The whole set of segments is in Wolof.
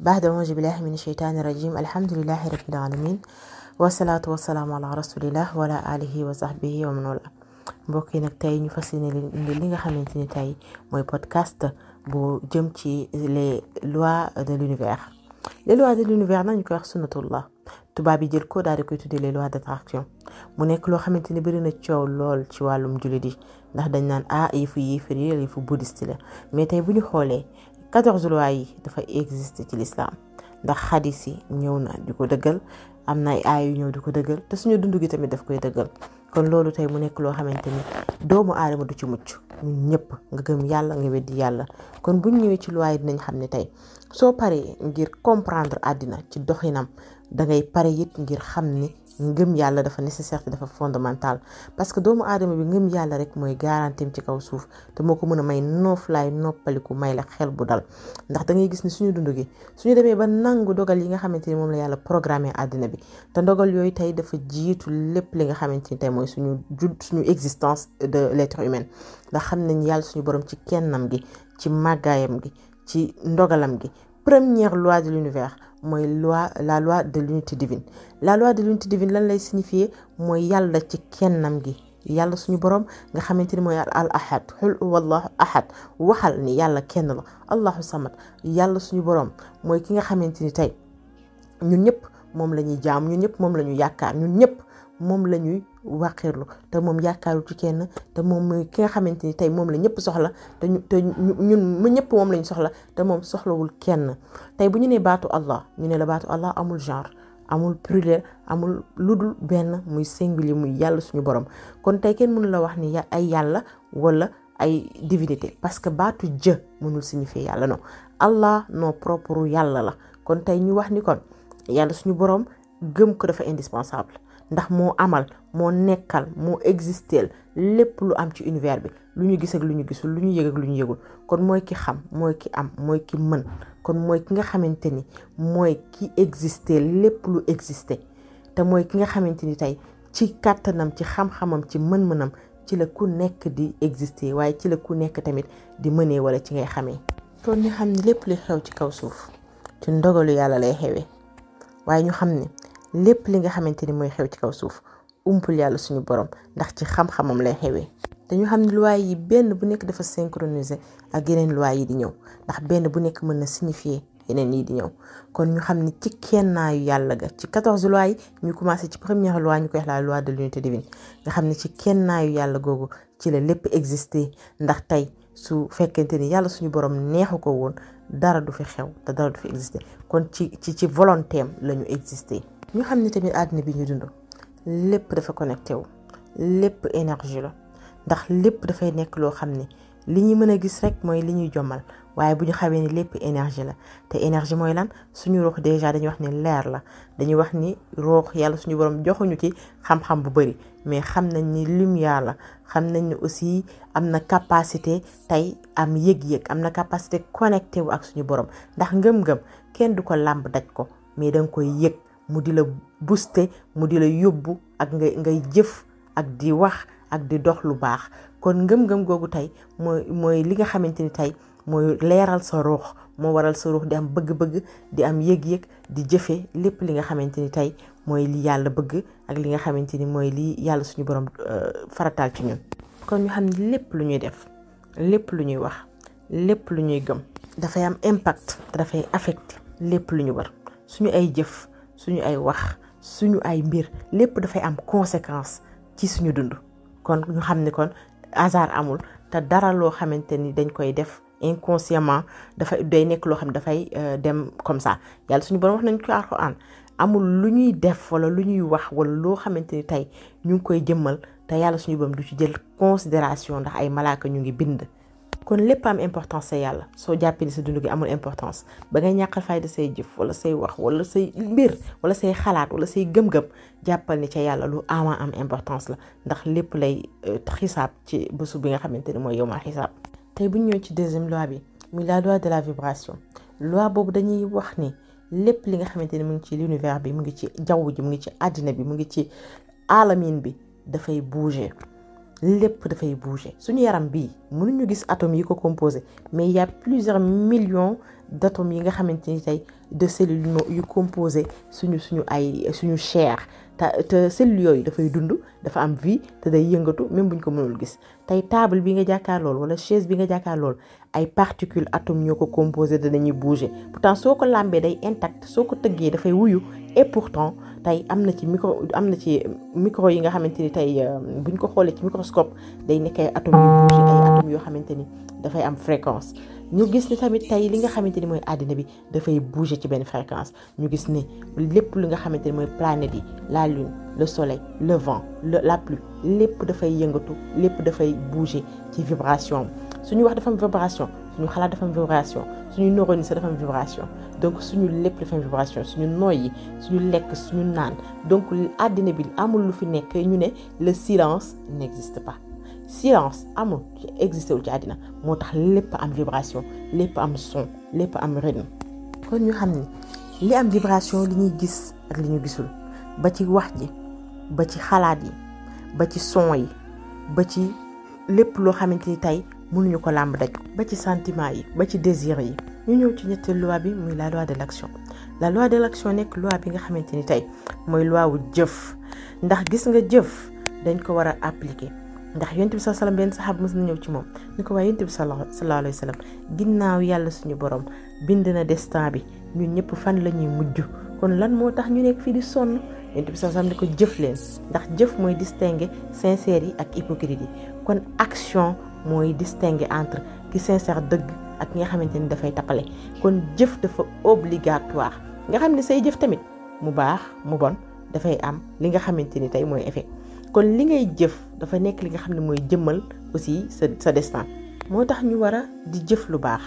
بعد أعوذ بالله من الشيطان الرجيم الحمد لله رب العالمين wasalaatu wasalaam ala rasulillah wala alihi wa sahbihi wa man wala mbokk yi nag tey ñu fas yéene li nga xamante ni tey mooy podcast bu jëm ci les lois de l'univers les lois de l'univers nag ñu koy wax sunnatullah tubaab yi jël ko daal di koy tuddee les lois d'attraction mu nekk loo xamante ni bëri na coow lool ci wàllum jullit yi ndax dañ naan ah yëfu yéefar yi yëfu bouddhiste la mais tey bu ñu xoolee quatorze lois yi dafa exister ci l'islam ndax xadis yi ñëw na di ko dëggal am na ay aay yu ñëw di ko dëggal te suñu dund gi tamit daf koy dëggal kon loolu tey mu nekk loo xamante ni doomu aadama du ci mucc ñun ñëpp nga gëm yàlla nga weddi yàlla kon buñ ñëwee ci loi yi dinañ xam ne tey soo paree ngir comprendre àddina ci doxinam da pare it ngir xam ni ngëm yàlla dafa nécessaire te dafa fondamental parce que doomu aadama bi ngëm yàlla rek mooy garantim ci kaw suuf te moo ko mën a may noof laay noppaliku may la xel bu dal ndax dangay gis ni suñu dund gi suñu demee ba nangu dogal yi nga xamante ni moom la yàlla programmer àddina bi te dogal yooyu tey dafa jiitu lépp li nga xamante ni tey mooy suñu judd suñu existence de l'être humain ndax xam nañ yàlla suñu borom ci kennam gi ci màggaayam gi ci ndogalam gi première loi de l'univers mooy loi la loi de l'unité divine la loi de l'unité divine lan lay signifier mooy yàlla ci kennam gi yàlla suñu borom nga xamante ni mooy al ahad xul wallahu ahad waxal ni yàlla kenn la allahu samad yàlla suñu borom mooy ki nga xamante ni tey ñun ñëpp moom la ñuy jaam ñun ñëpp moom la ñu yaakaar ñun ñëpp moom la ñuy wàqirlu te moom yaakaaru ci kenn te moom mooy ki nga xamante ni tey moom la ñëpp soxla te ñu te ñëpp moom la ñu soxla te moom soxlawul kenn tey bu ñu nee baatu Allah ñu ne la baatu Allah amul genre amul pluriel amul lu dul benn muy singulier muy yàlla suñu borom kon tey kenn mënula wax ni ay yàlla wala ay divinité parce que baatu jë mënul signifier yàlla non Allah non propre yàlla la kon tey ñu wax ni kon yàlla suñu borom gëm ko dafa indispensable ndax moo amal moo nekkal moo existeel lépp lu am ci univers bi lu ñu gis ak lu ñu gisul lu ñu yëg ak lu ñu yëgul kon mooy ki xam mooy ki am mooy ki mën kon mooy ki nga xamante ni mooy ki existé lépp lu existé te mooy ki nga xamante ni tey ci kàttanam ci xam-xamam ci mën-mënam ci la ku nekk di existé waaye ci la ku nekk tamit di mënee wala ci ngay xamee. kon ñu xam ne lépp li xew ci kaw suuf ci ndogalu yàlla lay xewee waaye ñu xam ne lépp li nga xamante ni mooy xew ci kaw suuf umpul yàlla suñu borom ndax ci xam-xamam lay xewee dañu xam ne loi yi benn bu nekk dafa synchronisé ak yeneen loi yi di ñëw ndax benn bu nekk mën na signifier yeneen yi di ñëw kon ñu xam ne ci kennaayu yàlla ga ci quatorze loi yi ñu commencé ci première loi ñu koy wax la loi de l'unité divine nga xam ne ci kennaayu yàlla googu ci la lépp existé ndax tey su fekkente ni yàlla suñu borom neexu ko woon dara du fi xew te fi existé kon ci ci ci volonté am la ñu existé ñu xam ni tamit àddina bi ñu dund lépp dafa connecté wu lépp énergie la ndax lépp dafay nekk loo xam ne li ñu mën a gis rek mooy li ñuy jommal waaye bu ñu xawee ni lépp énergie la te énergie mooy lan suñu roox déjà dañuy wax ni leer la dañuy wax ni ruux yàlla suñu borom joxuñu ci xam-xam bu bëri mais xam nañ ni lumière la xam nañ ni aussi am na capacité tey am yëg-yëg am na capacité connecté wu ak suñu borom ndax ngëm-ngëm kenn du ko làmb daj ko mais da koy yëg mu di la booster mu di la yóbbu ak nga ngay jëf ak di wax ak di dox lu baax kon ngëm-ngëm googu tey mooy mooy li nga xamante ni tey mooy leeral sa moo waral sa ruux bëgg-bëgg di am yëg-yëg di jëfe lépp li nga xamante ni tey mooy li yàlla bëgg ak li nga xamante ni mooy lii yàlla suñu borom euh, farataal ci ñun. kon ñu xam ne lépp lu ñuy def lépp lu ñuy wax lépp lu ñuy gëm dafay am impact dafay affecté lépp lu ñu war suñu ay jëf. suñu ay wax suñu ay mbir lépp dafay am conséquence ci suñu dund kon ñu xam ne kon hasard amul te dara loo xamante ni dañ koy def inconsciemment dafay day nekk loo xam ne dafay euh, dem comme ça yàlla suñu borom wax nañ ko alxuraan amul lu ñuy def wala lu ñuy wax wala loo xamante ni tey ñu ngi koy jëmmal te yàlla suñu borom du ci jël considération ndax ay malaaka ñu ngi bind kon lépp am importance sa yàlla soo jàppee sa dundu gi amul importance ba ngay ñàkkal fayda say jëf wala say wax wala say mbir wala say xalaat wala say gëm-gëm jàppal ni ca yàlla lu ama am importance la ndax lépp lay euh, xisaab ci bésu bi nga xamante ni mooy yow ma xisaab. tey bu ñu ñëwee ci deuxième loi bi muy la loi de la vibration loi boobu dañuy wax ni lépp li nga xamante ni mu ngi ci l'univers bi mu ngi ci jaww ji mu ngi ci àddina bi mu ngi ci alamin bi dafay bouger. lépp dafay bouger suñu yaram bii ñu gis atomes yi ko composé mais il y a plusieurs millions d'atomes yi nga xamante ni tey de cellules yu composé suñu suñu ay suñu chair te cellule yi dafay dund dafa am vie te day yëngatu même buñ ko mënul gis tey table bi nga jàkkaar lool wala chaise bi nga jàkkaar lool ay particules atomes ñoo ko composé danañuy bouger pourtant soo ko làmbee day intact soo ko tëggee dafay wuyu et tey am na ci micro am na ci micro yi nga xamante ni tey euh, buñ ko xoolee ci microscope day nekk ay atomes yu bouger ay yoo xamante ni dafay am fréquence ñu gis ni tamit tey li nga xamante ni mooy àddina bi dafay bouger ci benn fréquence ñu gis ni lépp li nga xamante ni mooy planète yi la lune le soleil le vent la pluie lépp dafay yëngatu lépp dafay bouger ci vibration am suñu wax dafa am vibration suñu xalaat dafa am vibration suñu neurones sax dafa am vibration donc suñu lépp dafa am vibration suñu nooy yi suñu lekk suñu naan donc àddina bi amul lu fi nekk ñu ne le silence n'existe pas silence amul existé wul ci àddina moo tax lépp am vibration lépp am son lépp am rythme kon ñu xam ni li am vibration li ñuy gis ak li ñu gisul ba ci wax ji ba ci xalaat yi ba ci son yi ba ci lépp loo xamante ni tey mënuñu ko làmb daj ba ci santiment yi ba ci désir yi ñu ñëw ci ñetti loi bi muy la loi de l'action la loi de l'action nekk loi bi nga xamante ni tey mooy loi wu jëf ndax gis nga jëf dañ ko war a appliquer ndax yonent bi saa salaam benn saxaab mës na ñëw ci moom ni ko waaye yonent bi sallallahu alayhi wa sallam ginnaaw yàlla suñu borom bind na destin bi ñun ñëpp fan la ñuy mujj kon lan moo tax ñu nekk fii di sonn yonent bi saa salaam ni ko jëf leen ndax jëf mooy distinguer sincère yi ak hypocrite yi kon action mooy distinguer entre ki sincère dëgg ak nga xamante ni dafay tappale kon jëf dafa obligatoire nga xam ne say jëf tamit mu baax mu bon dafay am li nga xamante ni tey mooy effet kon li ngay jëf dafa nekk li nga xam ne mooy jëmmal aussi sa sa destin moo tax ñu war a di jëf lu baax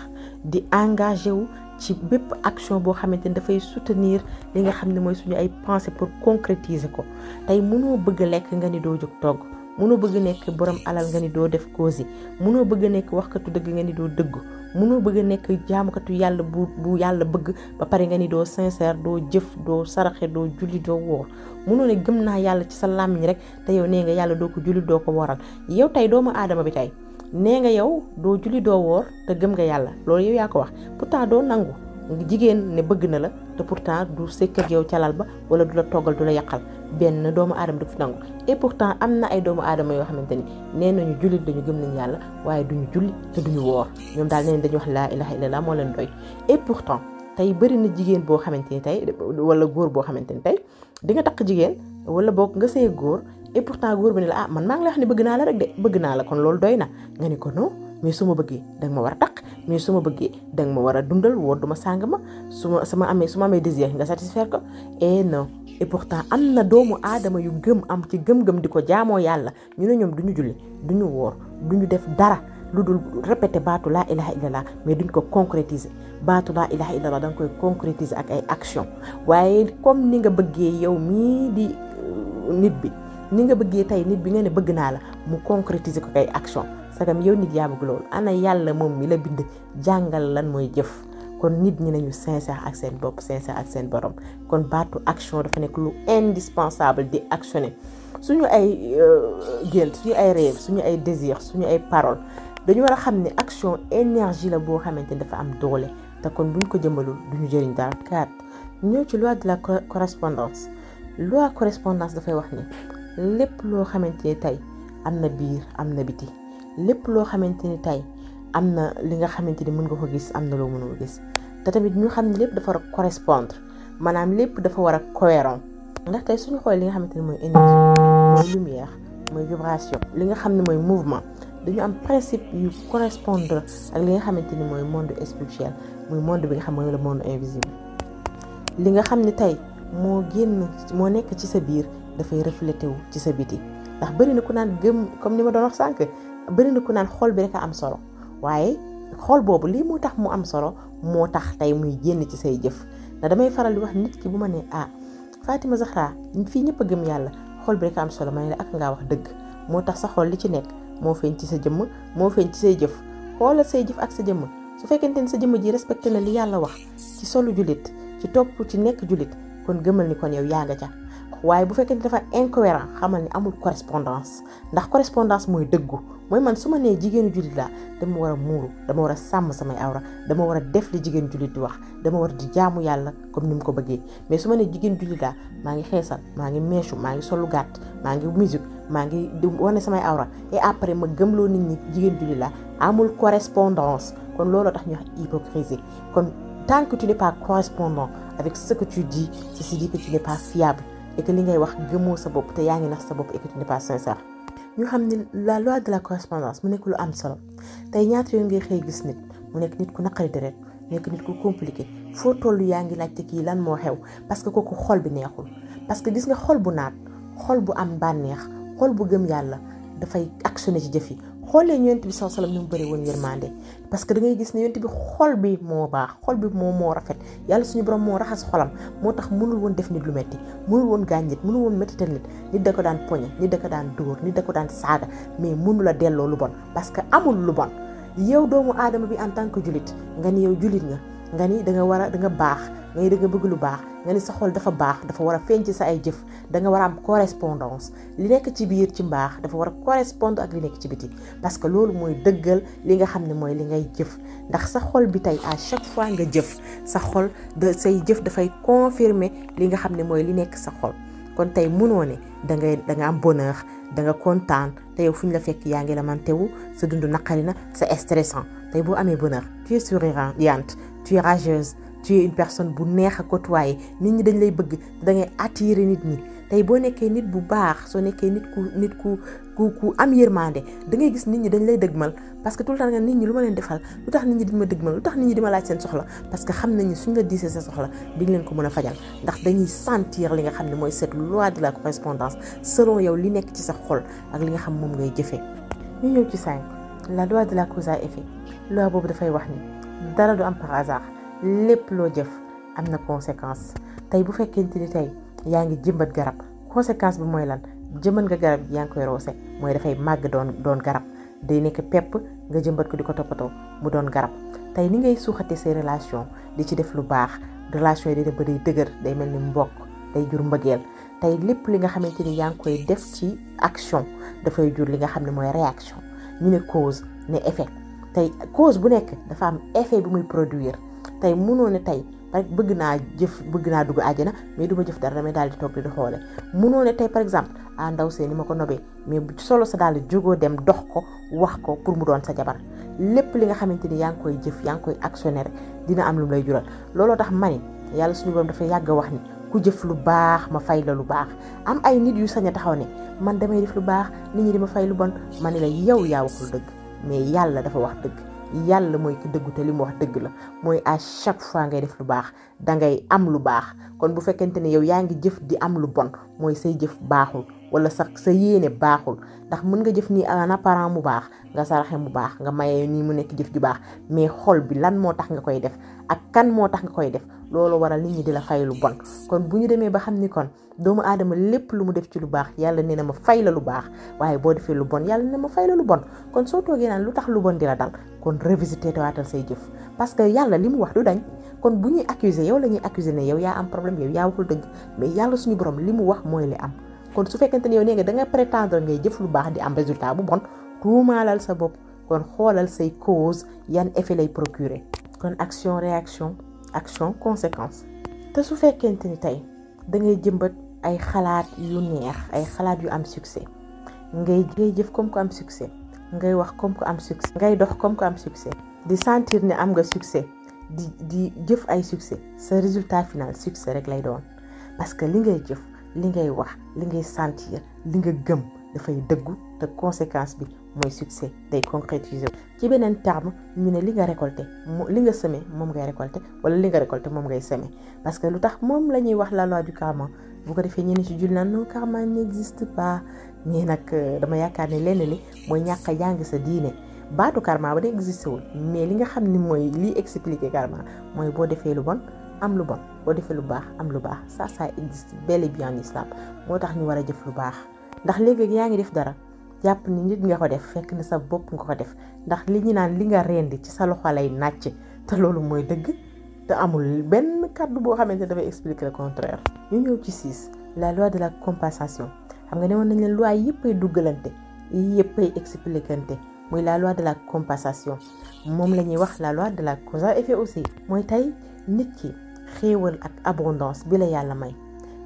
di engagé wu ci bépp action boo xamante ni dafay soutenir li nga xam ne mooy suñu ay pensée pour concrétiser ko tey mënoo bëgg lekk nga ni doo jóg togg mënoo bëgg nekk borom alal nga ni doo def cause yi mënoo bëgg nekk wax waxkatu dëgg nga ni doo dëggu mënoo bëgg a nekk jaamukatu yàlla bu bu yàlla bëgg ba pare nga ni doo sincère doo jëf doo saraxe doo julli doo woor mënoo ne gëm naa yàlla ci sa làmmiñ rek te yow nee nga yàlla doo ko julli doo ko wooral yow tey doomu aadama bi tey nee nga yow doo julli doo woor te gëm nga yàlla loolu yow yaa ko wax pourtant doo nangu jigéen ne bëgg na la te pour pourtant du sekk ak yow calal ba wala du la toggal du la yàqal benn doomu aadama du fi nangu et am na ay doomu aadama yoo xamante ni nee nañu jullit dañu gëm nañu yàlla waaye duñu julli te ñu woor ñoom daal nee dañu wax laa ilaha illallah moo leen doy et pourtant tey bëri na jigéen boo xamante ni tey wala góor boo xamante ni tey di nga takk jigéen wala boog nga see góor et pourtant góor bi ne la ah man maa ngi lay wax bëgg naa la rek bëgg naa la kon loolu doy na nga ne ko non mais su ma bëggee danga ma war a takk mais su ma bëggee da ma war a dundal woor duma sàng ma su ma sama amee su ma amee désir nga satisfaire ko et non et pourtant am na doomu aadama yu gëm am ci gëm-gëm di ko jaamoo yàlla ñu ne ñoom du ñu julli du ñu woor du ñu def dara lu dul répété baatu laa ilaha illallah mais duñ ko concrétiser baatu laa ilaha illallah da nga koy concrétiser ak ay action waaye comme ni nga bëggee yow mii di euh, nit bi ni nga bëggee tey nit bi nga ne bëgg naa la mu concrétiser ko ay action sa sagam yow nit yaa bëgg loolu ana yàlla moom mi la bind jàngal lan mooy jëf kon nit ñi nañu sincère ak seen bopp sincère ak seen borom kon baatu action dafa nekk lu indispensable di actionner suñu ay euh, gént suñu ay rêve suñu ay désir suñu ay parole dañu war a xam ni action énergie la boo xamante ni dafa am doole te kon buñ ko jëmbalul duñu jëriñ daal kat ñëw ci loi de la correspondance loi correspondance dafay wax ni lépp loo xamante ni tey am na biir am na biti lépp loo xamante ni tey am na li nga xamante ni mën nga ko gis am na loo mënul gis te tamit ñu xam ne lépp dafa war a correspondre maanaam lépp dafa war a cohérent ndax tey suñu xoolee li nga xamante ne mooy énergie mooy mooy vibration li nga xam ne mooy mouvement dañu am principe yu correspondre ak li nga xamante ni mooy monde spirituel muy monde bi nga xam mooy le monde invisible li nga xam ne tey moo génn moo nekk ci sa biir dafay reflété wu ci sa biti ndax bëri na ku naan gëm comme ni ma doon wax sànq bëri na ku naan xool bi rek a am solo waaye xool boobu lii moo tax mu am solo moo tax tey muy génn ci say jëf ndax damay faral di wax nit ki bu ma nee ah Fatima Zahra fii ñëpp a gëm yàlla xool bi rek am solo ma ne ak ngaa wax dëgg moo tax sa xool li ci nekk moo feeñ ci sa jëmm moo feeñ ci say jëf xoolal say jëf ak sa jëmm su fekkente ni sa jëmm ji respecté na li yàlla wax ci solu jullit ci topp ci nekk julit kon gëmal ni kon yow yaa nga ca waaye bu fekkee dafa incohérent xamal ni amul correspondance ndax correspondance mooy dëggu mooy man su ma nee jigéenu jullit laa dama war a muuru dama war a sàmm samay awra dama war a def li jigéen jullit di wax dama war di jaamu yàlla comme ni mu ko bëggee mais su ma nee jigéen jullit laa maa ngi xeesal maa ngi meechu maa ngi solu gàtt maa ngi musique maa ngi wane samay awra et après ma gëm loo nit ñi jigéen jullit laa amul correspondance kon looloo tax ñu wax hypocrisie kon tant que tu n'es pas correspondant avec ce que tu dis et li ngay wax gëmoo sa bopp te yaa ngi nax sa bopp et que tu n'es ñu xam ne la loi de la correspondance mu nekk lu am solo tey ñaata yooyu ngay xëy gis nit mu nekk nit ku naqari deret nekk nit ku compliqué foo toll yaa ngi laajte kii lan moo xew parce que kooku xol bi neexul parce que gis nga xol bu naat xol bu am bànneex xol bu gëm yàlla dafay actionné ci jëf yi xoolee ñu yonent bi sallallahu alayhi wasallam ni mu bëri woon yërmande parce que da gis ne yonent bi xol bi moo baax xol bi moom moo rafet yàlla suñu borom moo raxas xolam moo tax mënul woon def nit lu metti mënul woon gaañ nit mënul woon méttital nit nit da ko daan poñe nit da ko daan dóor nit da ko daan saaga mais mënula delloo lu bon parce que amul lu bon yow doomu aadama bi en tant que julit nga ni yow julit nga nga ni danga war a danga nga baax nga ni da nga bëgg lu baax nga ni sa xol dafa baax dafa war a feeñ sa ay jëf danga nga war a am correspondance li nekk ci biir ci mbaax dafa war a correspondre ak li nekk ci biti parce que loolu mooy dëggal li nga xam ne mooy li ngay jëf ndax sa xol bi tey à chaque fois nga jëf sa xol say jëf dafay confirmer li nga xam ne mooy li nekk sa xol kon tey mënoo ne da ngay da nga am bonheur da nga kontaan te yow fu ñu la fekk yaa ngi la mantewu sa dund naqari na c'est stressant tey boo amee bonheur tu es souriante tu es tu es une personne bu neex a côtoyer nit ñi dañ lay bëgg da ngay attirer nit ñi tey boo nekkee nit bu baax soo nekkee nit ku nit ku ku ku am yërmande da ngay gis nit ñi dañ lay dëgmal parce que tout le temps nga nit ñi lu ma leen defal lu tax nit ñi di ma dëgmal lu tax nit ñi di ma laaj seen soxla parce que xam nañu suñ la diisee sa soxla di leen ko mën a fajal ndax dañuy sentir li nga xam ne mooy cette loi de la correspondance selon yow li nekk ci sa xol ak li nga xam moom ngay jëfee. ñu ñëw ci la loi de la cause à effet loi boobu lépp loo jëf am na conséquence tey bu fekkente ni tey yaa ngi jëmbat garab conséquence bi mooy lan jëmbat nga garab gi yaa ngi koy roose mooy dafay màgg doon doon garab day nekk pepp nga jëmbat ko di ko toppatoo mu doon garab tey ni ngay suuxate say relation di ci def lu baax relation yi day dem ba day dëgër day mel ni mbokk day jur mbëggeel tey lépp li nga xamante ni yaa koy def ci action dafay jur li nga xam ne mooy réaction ñu ne cause ne effet tey cause bu nekk dafa am effet bi muy produire tey mënoo ne tey rek bëgg naa jëf bëgg naa dugg àjjana mais du ma jëf dara damay daal di toog di xoole mënoo ne tey par exemple ah ndaw see ni ma ko nobee mais solo sa daal di jógoo dem dox ko wax ko pour mu doon sa jabar lépp li nga xamante ni yaa ngi koy jëf yaa ngi koy actionné rek dina am lu mu lay jural looloo tax ma yàlla suñu borom dafa yàgg wax ni ku jëf lu baax ma fay la lu baax am ay nit yu sañ a taxaw ne man damay def lu baax nit ñi di fay lu bon ma ne la yow yaa waxul dëgg mais yàlla dafa wax dëgg yàlla mooy ki dëggute li mu wax dëgg la mooy à chaque fois ngay def lu baax dangay am lu baax kon bu fekkente ne yow yaa ngi jëf di am lu bon mooy say jëf baaxul wala sax sa yéene baaxul ndax mën nga jëf nii en apparent mu baax nga saraxe mu baax nga mayee nii mu nekk jëf ju baax mais xol bi lan moo tax nga koy def ak kan moo tax nga koy def loolu waral nit ñi di la fay lu bon kon bu ñu demee ba xam ni kon doomu aadama lépp lu mu def ci lu baax yàlla nee na ma fay la lu baax waaye boo defee lu bon na ma fay la lu kon soo toogee naan lu tax lu bon di la dal kon revisité waatal say jëf parce que yàlla li mu wax du dañ kon bu ñuy accuser yow la ñuy accuser ne yow yaa am problème yow yaa waxul dëgg mais yàlla suñu borom li mu wax mooy li am kon su fekkente ni yow nee nga danga nga prétendre ngay jëf lu baax di am résultat bu bon tuumaalal sa bopp kon xoolal say cause yan effet lay procurer kon action réaction action conséquence te su fekkente ni tey da ngay jëmbat ay xalaat yu neex ay xalaat yu am succès ngay ngay jëf comme ko am succès ngay wax comme ko am succès ngay dox comme ko am succès di sentir ni am nga succès di di jëf ay succès sa résultat final succès rek lay doon parce que li ngay li ngay wax li ngay sentir li nga gëm dafay dëggu te conséquence bi mooy succès day concrétiser ci beneen terme ñu ne li nga récolté li nga semé moom ngay récolté wala li nga récolté moom ngay semé parce que lu tax moom la ñuy wax la loi du karma boo ko defee ñenn ci jul naan non karma n'existe pas mais nag euh, dama yaakaar ne lenn li mooy ñàkk a ngi sa diine baatu karma ba day existé wul mais li nga xam ni mooy li expliqué karma mooy boo defee lu bon am lu bon boo defee lu baax am lu baax ça ça existe bel et bien en moo tax ñu war a jëf lu baax ndax léeg yaa ngi def dara jàpp ni nit nga ko def fekk na sa bopp nga ko def ndax li ñu naan li nga rendi ci sa loxo lay nàcc te loolu mooy dëgg te amul benn kàddu boo xamante ne dafay expliquer le contraire. ñu ñëw ci six la loi de la compensation xam nga ne woon nañ leen loi yëppay duggalante yëppay expliquante muy la loi de la compensation moom la ñuy wax la loi de la cause à aussi mooy tey nit ki. xéewal ak abondance bi la yàlla may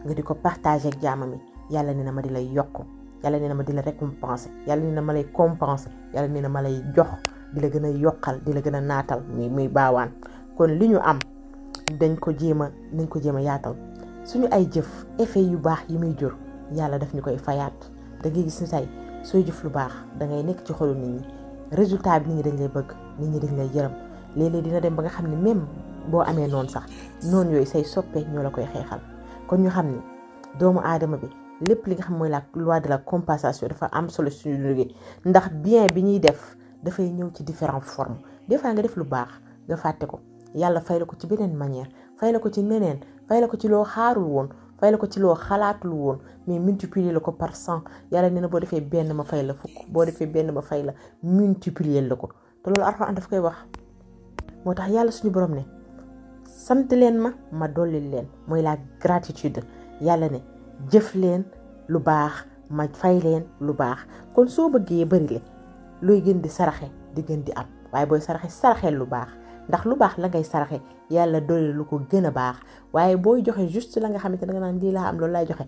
nga di ko partager ak jaamam yi yàlla nee na ma di lay yokk yàlla nee na ma di la récompenser yàlla nee na ma lay compenser yàlla nee na ma lay jox di la gën a yokkal di la gën a naatal muy muy baawaan kon li ñu am dañ ko jéem a nañ ko jéem a yaatal suñu ay jëf effet yu baax yi muy jur yàlla daf ñu koy fayaat da ngay gis ni tey sooy jëf lu baax da ngay nekk ci xolu nit ñi résultat bi nit ñi dañ lay bëgg nit ñi dañ lay yërëm léeg dina dem ba nga xam ne même boo amee noonu sax noonu yooyu say soppe ñoo la koy xeexal kon ñu xam ne doomu aadama bi lépp li nga xam mooy la loi de la compensation dafa am solo suñu liggéey ndax bien bi ñuy def dafay ñëw ci différent formes des nga def lu baax nga fàtte ko yàlla fay la ko ci beneen manière fay la ko ci neneen fay ko ci loo xaarul woon fay la ko ci loo xalaatul woon mais multiplier la ko par cent yàlla nee na boo defee benn ma fay la fukk boo defee benn ma fay la multiplier la ko te loolu Alxuraan tax yàlla suñu borom ne. sant leen ma ma dolli leen mooy la gratitude yàlla ne jëf leen lu baax ma fay leen lu baax kon soo bëggee bëri le looy gën di saraxe di gën di am waaye booy saraxe saraxeel lu baax ndax lu baax la ngay saraxe yàlla dolli lu ko gën a baax waaye booy joxe juste la nga xamante ne nga naan lii laa am loolu laay joxe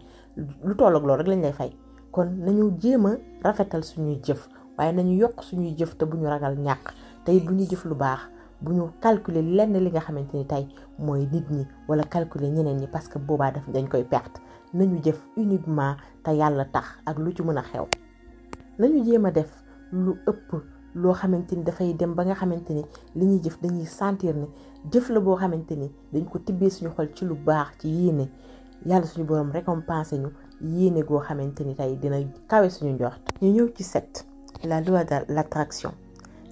lu tolloog loolu rek lañ lay fay kon nañu jéem a rafetal suñuy jëf waaye nañu yokk suñuy jëf te bu ñu ragal ñàkk tey it bu jëf lu baax bu ñu calculer lenn li nga xamante ni tey mooy nit ñi wala calculer ñeneen ñi parce que boobaa daf dañ koy perte nañu jëf uniquement te yàlla tax ak lu ci mën a xew nañu jéem a def lu ëpp loo xamante ni dafay dem ba nga xamante ni li ñuy jëf dañuy sentir ni jëf la boo xamante ni dañ ko tibbee suñu xol ci lu baax ci yéene yàlla suñu borom récompenser ñu yéene goo xamante ni tey dina kawe suñu njort. ñu ñëw ci set la loi de l'attraction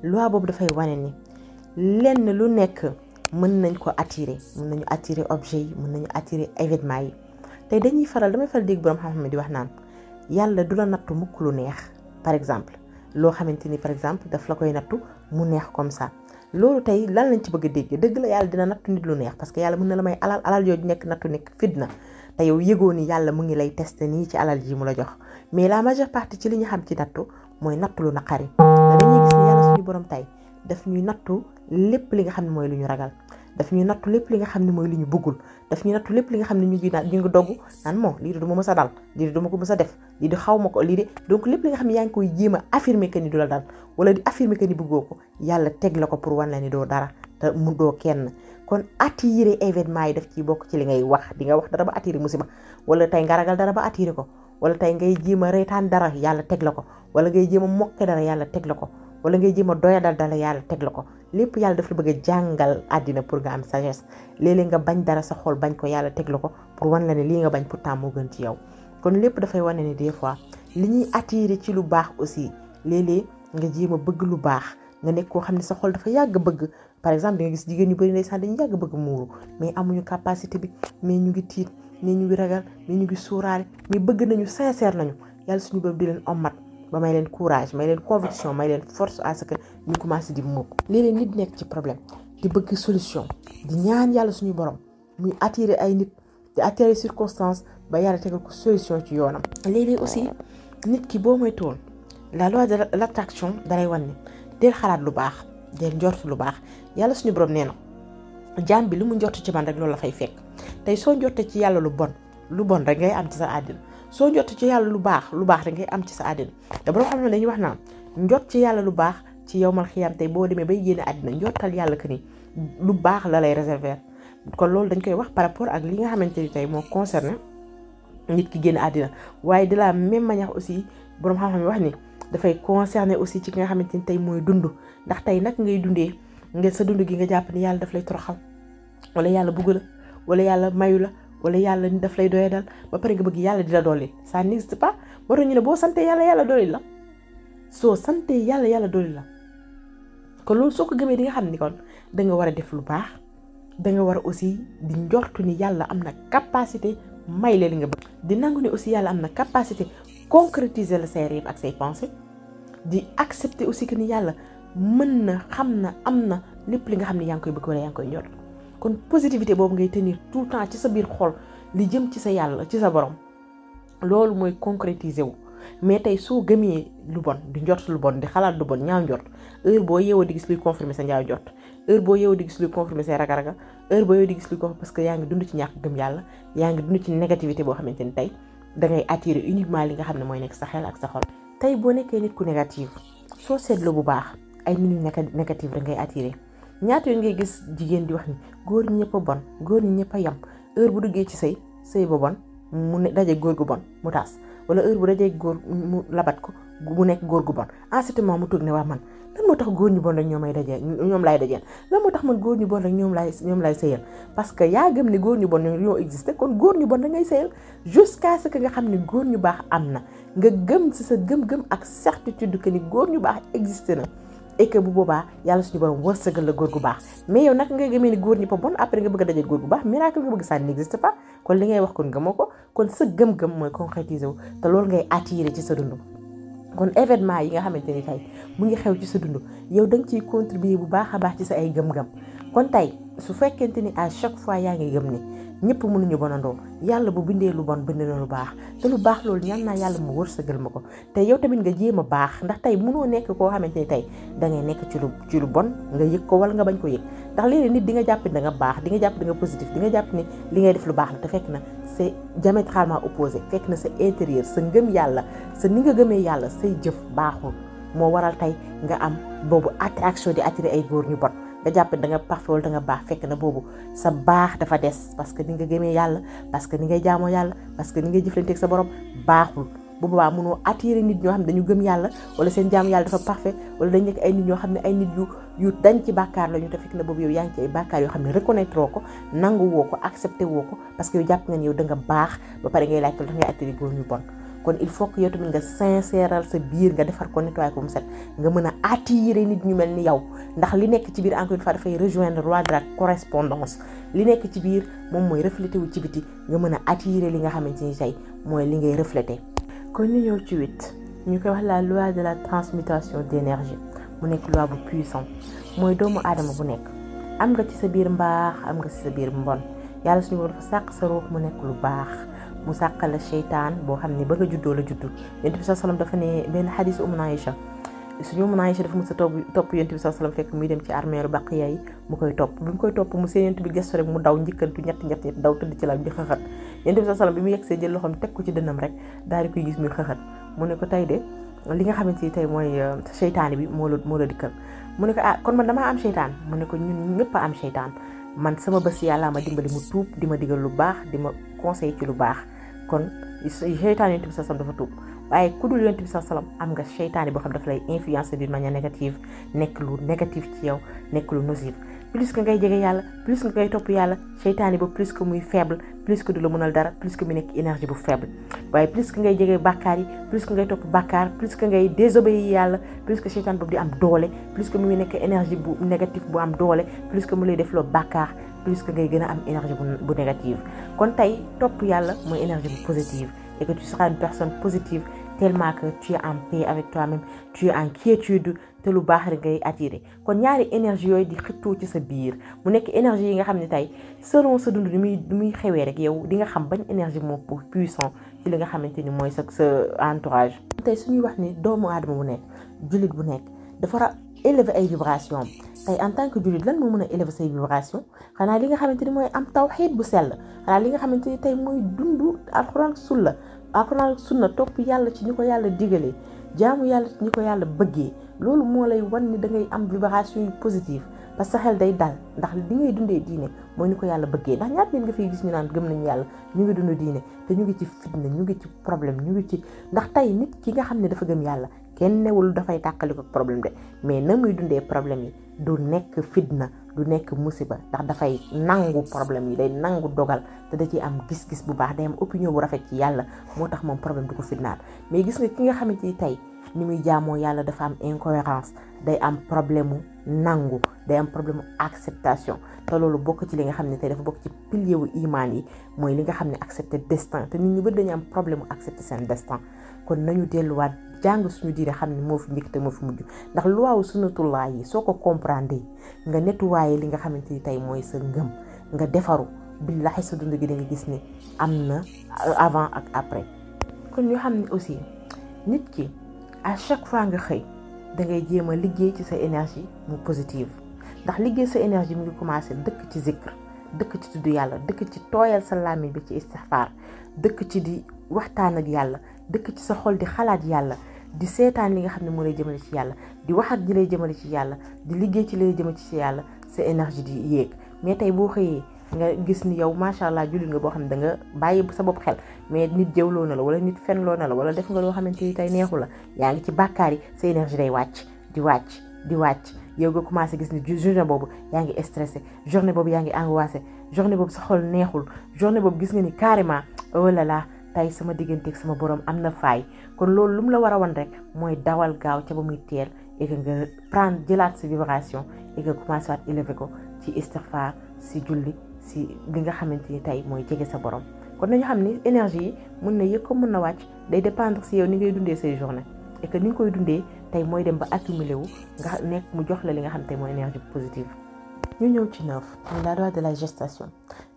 loi boobu dafay wane lenn lu nekk mën nañ ko attirer mën nañu attirer objet yi mën nañu attirer événement yi tey dañuy faral damay faral dégg borom xam-xam di wax naan yàlla du la nattu mukk lu neex par exemple loo xamante ni par exemple daf la koy nattu mu neex comme ça loolu tey lan lañ ci bëgg a dégg dëgg la yàlla dina nattu nit lu neex parce que yàlla mën na la may alal alal yooyu nekk nattu nekk fitna te yow yëgoo ni yàlla mu ngi lay test nii ci alal ji mu la jox mais la majeure partie ci li ñu xam ci nattu mooy nattu lu naqari dañuy lépp li nga xam ne mooy lu ñu ragal daf ñuy nattu lépp li nga ne mooy lu ñu bëggul daf ñuy nattu lépp li nga xam ne ñu ngi naan ñu ngi dogg naan moom lii de du ma a dal lii de du ma ko mës a def lii de xaw ma ko lii de donc lépp li nga xam ne yaa ngi koy jéem a affirmer que ni du la dal wala di affirmer ko yàlla tegle ko pour wan la ni doo dara te mu doo kenn kon attirer événement yi daf ciy bokk ci li ngay wax di nga wax dara ba attirer musiba wala tey nga ragal dara ba attirer ko wala tey ngay jéem a reetaan dara yàlla teg la ko wala ngay jéem a mokke dara yàlla teg la ko wala ngay jéem a doyadal dara yàlla teg la ko lépp yàlla dafa la bëgg a jàngal àddina pour nga am sagesse léeg nga bañ dara sa xol bañ ko yàlla teg la ko pour wan la ne lii nga bañ pourtant moo gën ci yow kon lépp dafay wane ne des fois li ñuy attiré ci lu baax aussi léeg nga jéem a bëgg lu baax nga nekk koo xam ne sa xol dafa yàgg bëgg par exemple da nga gis jigéen ñu bëri ndeysaan dañu yàgg bëgg muuru mais amuñu capacité bi mais ñu ngi tiit mais ñu ngi ragal mais ñu ngi suuraale mais bëgg nañu sincère nañu yàlla suñu ba may leen courage may leen conviction may leen force à ce que ñu commencé di mukk léeg-léeg nit nekk ci problème di bëgg solution di ñaan yàlla suñu borom muy attirer ay nit di attirer circonstance ba yàlla tegal ko solution ci yoonam. léeg-léeg aussi nit ki boo may tool la loi de l' attraction dalay wan ni del xalaat lu baax del njort lu baax yàlla suñu borom nee na jaam bi lu mu njort ci man rek loolu la fay fekk tey soo njortee ci yàlla lu bon lu bon rek ngay am sa àddina. soo jot ci yàlla lu baax lu baax da ngay am ci sa àddina te borom xam ne dañuy wax naan njot ci yàlla lu baax ci yow mal xiyam boo demee bay génne àddina njottal yàlla que ni lu baax lay réserver kon loolu dañ koy wax par rapport ak li nga xamante ni tey moo concerné nit ki génn àddina waaye de la même manière aussi borom xam-xam wax ni dafay concerné aussi ci ki nga xamante ni tey mooy dund ndax tey nag ngay dundee nga sa dund gi nga jàpp ni yàlla daf lay toroxal wala yàlla bugg la wala yàlla mayu la wala yàlla ni daf lay doye dal ba pare nga bëgg yàlla di la dolli ça n'existe pas moo tax ñu ne boo santee yàlla yàlla dooli la soo santee yàlla yàlla dolli la kon loolu soo ko gëmee di nga xam ni kon da war a def lu baax da war a aussi di njortu ni yàlla am na capacité may leen li nga bëgg di nangu ni aussi yàlla am na capacité concrétiser la say yi ak say pensées di accepter aussi que ni yàlla mën na xam na am na lépp li nga xam ne yaa ngi koy bëgg wala yaa ngi koy njort kon positivité boobu ngay tenir tout le temps ci sa biir xol li jëm ci sa yàlla ci sa borom loolu mooy concrétiser wu mais tey soo gëmee lu bon di su lu bon di xalaat lu bon ñaaw jot heure boo yeewoo di gis luy confirmer sa ñaaw jot heure boo yeewoo di gis luy confirmer say raga-raga heure boo yeewoo di gis luy confirmer parce que yaa ngi dund ci ñàkk gëm yàlla yaa ngi dund ci négativité boo xamante ne tey da ngay attirer li nga xam ne mooy nekk sa xel ak tey boo nekkee nit ku négative soo seetloo bu baax ay nit ñu négative rek ngay attirer ñaata yoon ngay gis jigéen di wax ni góor ñëpp a bon góor ñëpp a yam heure bu duggee ci sëy sëy ba bon mu ne daje góor gu bon mu taas wala heure bu dajee góor mu labat ko mu nekk góor gu bon en ce moment mu toog ne man lan tax góor ñu bon rek ñoom ay dajeel ñoom laay dajeel lan moo tax man góor ñu bon ñoom laay ñoom laay sëyal parce que yaa gëm ne góor ñu bon ñoo existé kon góor ñu bon da ngay sëyal jusqu'à ce que nga xam ne góor ñu baax am na nga gëm si sa gëm-gëm ak certitude que ni góor ñu baax existé na et bu boobaa yàlla suñu borom wërsëgal la góor gu baax mais yow nag ngay gëmee ni góor ñi pa bon après nga bëgg a dajal góor gu baax miracle nga bëgg ça n'existe pas kon li ngay wax kon gëmoo ko kon sa gëm-gëm mooy concrétiser wu te lool ngay attirer ci sa dund kon événement yi nga xamante ni tey mu ngi xew ci sa dundu yow da nga ciy contribuer bu baax a baax ci sa ay gëm-gëm kon tey su fekkente ni à chaque fois yaa ngi gëm ni ñëpp mënuñu bonandoo yàlla bu bindee lu bon bind na lu baax te lu baax loolu ñaan naa yàlla mu wërsëgal ma ko te yow tamit nga jéem a baax ndax tey mënoo nekk koo xamante ni tey da ngay nekk ci lu ci lu bon nga yëg ko wala nga bañ ko yëg ndax léeg nit di nga jàpp ni da baax di nga jàpp da nga positif di jàpp ni li ngay def lu baax la te fekk na c'est diamétralement opposé fekk na sa intérieur sa ngëm yàlla sa ni nga gëmee yàlla say jëf baaxul moo waral tey nga am boobu attraction di attirer ay góor ñu bon nga jàpp da nga parfait wala da nga baax fekk na boobu sa baax dafa des parce que ni nga gëmee yàlla parce que ni ngay jaamoo yàlla parce que ni ngay jëflanteeg sa borom baaxul bu boobaa mënoo attirer nit ñoo xam ne dañu gëm yàlla wala seen jaam yàlla dafa parfait wala dañ nekk ay nit ñoo xam ne ay nit yu yu dañ ci bàkkaar la ñu te fekk na boobu yow yaa ngi ci ay bàkkaar yoo xam ne reconnaître woo ko nangu woo ko accepté woo ko parce que yow jàpp nga ne yow da nga baax ba pare ko kon il faut que yow tamit nga sincéral sa biir nga defar ko nettoyer ko mu set nga mën a attirer nit ñu mel ni yow ndax li nekk ci biir encore une fois dafay rejoindre loi de la correspondance ci biir moom mooy reflété wu ci biti nga mën a attirer li nga xamante ni tey mooy li ngay reflété. kon ñu ñëw ci huit ñu koy wax la loi de la transmutation d'énergie mu nekk loi bu puissant mooy doomu aadama bu nekk am nga ci sa biir mbaax am nga ci sa biir mbon yàlla suñu borom dafa sàq sa ruux mu nekk lu baax. mu sàqal la seytaan boo xam ne ba nga juddoo la juddu yonent bi sallam dafa ne benn xadisu Ummu Aïcha suñu Ummu Aïcha dafa mos a topp topp yonent bi sallam fekk muy dem ci armeeru Baqiya yi mu koy topp bi koy topp mu seen yonent bi gestu rek mu daw njëkkantu ñett ñett ñett daw tëdd ci laam di xëxët yonent bi bi mu yegsee jël loxoom teg ko ci dënnam rek daal di gis muy xëxët mu ne ko tey de li nga xamante ni tey mooy euh, seytaane bi moo la moo dikkal mu ne ko ah kon man dama am seytaan mu ne ko ñun ñëpp am seytaan man sama bës yàlla ma dimbali mu tuub di ma digal lu baax di ma conseil ci lu baax kon seytaane yonent bi sa salaam dafa tuub waaye ku dul yonent bi sa salaam am nga seytaane boo xam dafa lay influencer d'une manière négative nekk lu négatif ci yow nekk lu nocif plus que ngay jege yàlla plus que ngay topp yàlla seytaane ba plus que muy faible plus que du la bu faible waaye plus que ngay jege yi plus que ngay topp bàkkaar plus que ngay désobéir yàlla boobu di am doole plus que muy nekk énergie bu négatif bu am doole plus que mu lay def loo bàkkaar plus que ngay gën a am énergie bu négative kon tey topp yàlla mooy énergie bu positive et que tu seras personne positive tellement que tu es en paix avec toi-même tu en quiétude te lu baax rek ngay attiré kon ñaari énergie yooyu di xëccoo ci sa biir mu nekk énergie yi nga xam ne tey selon sa dund ni muy muy xewee rek yow di nga xam bañ énergie moo puissant ci li nga xamante ni mooy sa sa entourage. tey suñuy wax ni doomu aadama bu nekk jullit bu nekk élever ay vibration tey en tant que jullit lan moo mën a élever say vibration xanaa li nga xamante ni mooy am tawxiid bu sell xanaa li nga xamante ni tey mooy dundu alxuraan sunna alxuraan sunna topp yàlla ci ñu ko yàlla digalee jaamu yàlla ci ni ko yàlla bëggee loolu moo lay wan ni da ngay am vibration yu positive parce que xel day dal ndax li ngay dundee diine mooy ni ko yàlla bëggee ndax ñaata nit nga fiy gis ñu naan gëm nañu yàlla ñu ngi dund diine te ñu ngi ci fitna ñu ngi ci problème ñu ngi ci ndax tey nit ki nga xam ne dafa gëm yàlla kenn newul dafay tàqali ko problème de mais na muy dundee problème yi du nekk fitna du nekk musiba ndax dafay nangu problème yi day nangu dogal te da ciy am gis-gis bu baax day am opinion bu rafet ci yàlla moo tax moom problème du ko fitnaat ki nga xamante ni tey ni muy jàmmoo yàlla dafa am incohérence day am problème mu nangu day am problème mu acceptation te loolu bokk ci li nga xam ne tey dafa bokk ci pilier wu imaan yi mooy li nga xam ne accepter destin te nit ñu bëri dañu am problème mu seen destin kon nañu delluwaat jàng suñu diine xam ne moo fi njëkk te moo fi mujj ndax lu waaw luwaawu sunnatullah yi soo ko comprendre nga nettoyé li nga xamante ni tey mooy sa ngëm nga defaru laxe sa dund gi da gis ni am na avant ak après à chaque fois nga xëy dangay ngay jéem a liggéey ci sa énergie mu positive ndax liggéey sa énergie mu ngi commencé dëkk ci zikr dëkk ci tudd yàlla dëkk ci tooyal sa làmmiñ bi ci istixfaar dëkk ci di waxtaan ak yàlla dëkk ci sa xol di xalaat yàlla di seetaan li nga xam ne moo lay jëmale ci yàlla di wax ak ñi lay jëmale ci yàlla di liggéey ci lay jëmale ci yàlla sa énergie di yéeg mais tey boo xëyee nga gis ni yow macha allah jullit nga boo xam ne da nga bàyyi sa bopp xel mais nit jëwloo na la wala nit fenloo na la wala def nga loo xamante ni tey neexu la yaa ngi ci bàkkaar yi sa énergie day wàcc di wàcc di wàcc yow nga commencé gis ni journée boobu yaa ngi stressé journée boobu yaa ngi angoissé journée boobu sa xol neexul journée boobu gis nga ni carrément oh là tey sama digganteeg sama borom am na faay kon loolu lu la war a wan rek mooy dawal gaaw ca ba muy teel et nga prendre jëlaat sa vibration et nga commencé waat élever ko ci istighfar si julli si li nga xamante ni tey mooy jege sa borom. kon nañu xam ni énergie yi mun na yëg ko mun na wàcc day dépendre si yow ni ngay dundee say journée et que ni nga koy dundee tey mooy dem ba accumulé wu nga nekk mu jox la li nga xam tey mooy énergie positive. ñu ñëw ci neuf muy la loi de la gestation